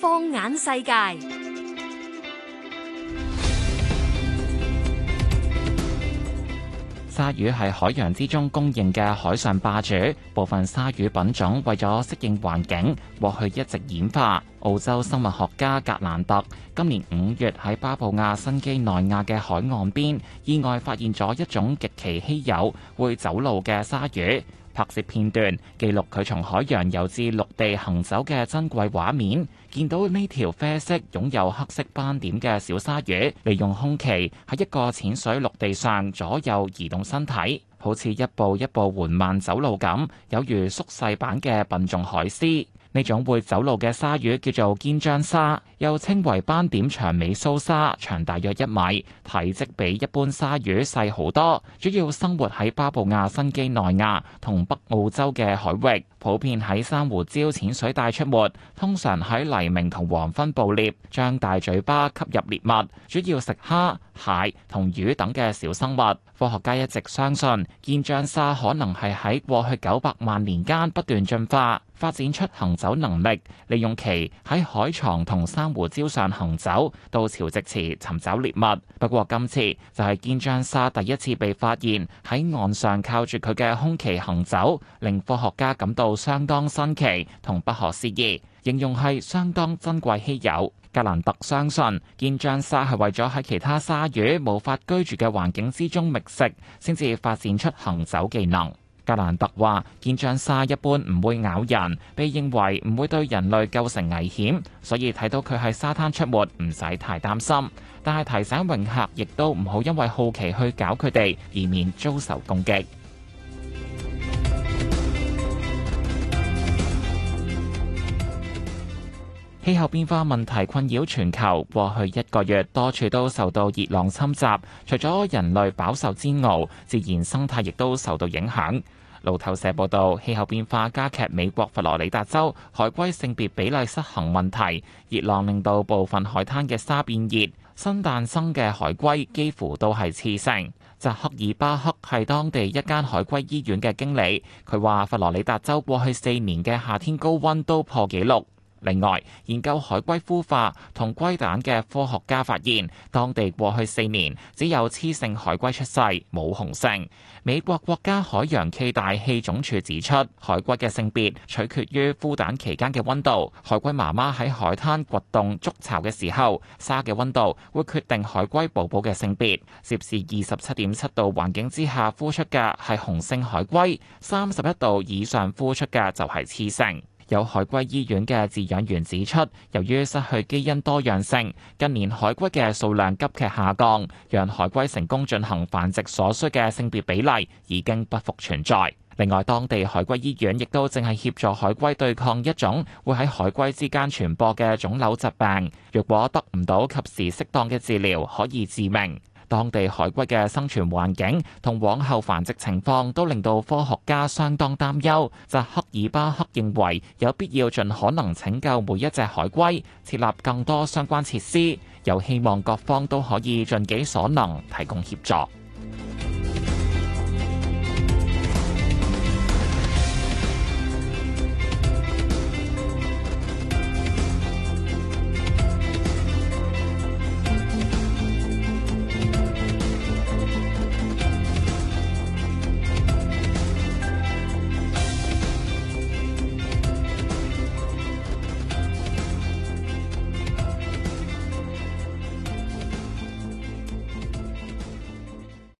放眼世界，鯊魚係海洋之中公認嘅海上霸主。部分鯊魚品種為咗適應環境，過去一直演化。澳洲生物學家格蘭特今年五月喺巴布亞新畿內亞嘅海岸邊，意外發現咗一種極其稀有、會走路嘅鯊魚。拍攝片段，記錄佢從海洋遊至陸地行走嘅珍貴畫面。見到呢條啡色擁有黑色斑點嘅小鯊魚，利用胸鰭喺一個淺水陸地上左右移動身體，好似一步一步緩慢走路咁，有如縮細版嘅笨重海獅。呢種會走路嘅鯊魚叫做肩章鯊，又稱為斑點長尾鬚鯊，長大約一米，體積比一般鯊魚細好多。主要生活喺巴布亞新畿內亞同北澳洲嘅海域，普遍喺珊瑚礁淺水帶出沒。通常喺黎明同黃昏捕獵，張大嘴巴吸入獵物，主要食蝦、蟹同魚等嘅小生物。科學家一直相信肩章鯊可能係喺過去九百萬年間不斷進化。發展出行走能力，利用其喺海床同珊瑚礁上行走，到潮汐池尋找獵物。不過今次就係肩章鯊第一次被發現喺岸上靠住佢嘅胸鰭行走，令科學家感到相當新奇同不可思議，形容係相當珍貴稀有。格蘭特相信肩章鯊係為咗喺其他鯊魚無法居住嘅環境之中覓食，先至發展出行走技能。格蘭特話：見像沙一般，唔會咬人，被認為唔會對人類構成危險，所以睇到佢喺沙灘出沒，唔使太擔心。但係提醒泳客，亦都唔好因為好奇去搞佢哋，以免遭受攻擊。 氣候變化問題困擾全球，過去一個月多處都受到熱浪侵襲，除咗人類飽受煎熬，自然生態亦都受到影響。路透社報道，氣候變化加劇美國佛羅里達州海龜性別比例失衡問題。熱浪令到部分海灘嘅沙變熱，新誕生嘅海龜幾乎都係雌性。扎克爾巴克係當地一間海龜醫院嘅經理，佢話佛羅里達州過去四年嘅夏天高溫都破紀錄。另外，研究海龜孵化同龜蛋嘅科學家發現，當地過去四年只有雌性海龜出世，冇雄性。美國國家海洋暨大氣總署指出，海龜嘅性別取決於孵蛋期間嘅溫度。海龜媽媽喺海灘掘洞築巢嘅時候，沙嘅溫度會決定海龜寶寶嘅性別。攝氏二十七點七度環境之下孵出嘅係雄性海龜，三十一度以上孵出嘅就係雌性。有海龜醫院嘅飼養員指出，由於失去基因多樣性，近年海龜嘅數量急劇下降，讓海龜成功進行繁殖所需嘅性別比例已經不復存在。另外，當地海龜醫院亦都正係協助海龜對抗一種會喺海龜之間傳播嘅腫瘤疾病，若果得唔到及時適當嘅治療，可以致命。當地海龜嘅生存環境同往後繁殖情況都令到科學家相當擔憂。扎克爾巴克認為有必要盡可能拯救每一隻海龜，設立更多相關設施，又希望各方都可以盡己所能提供協助。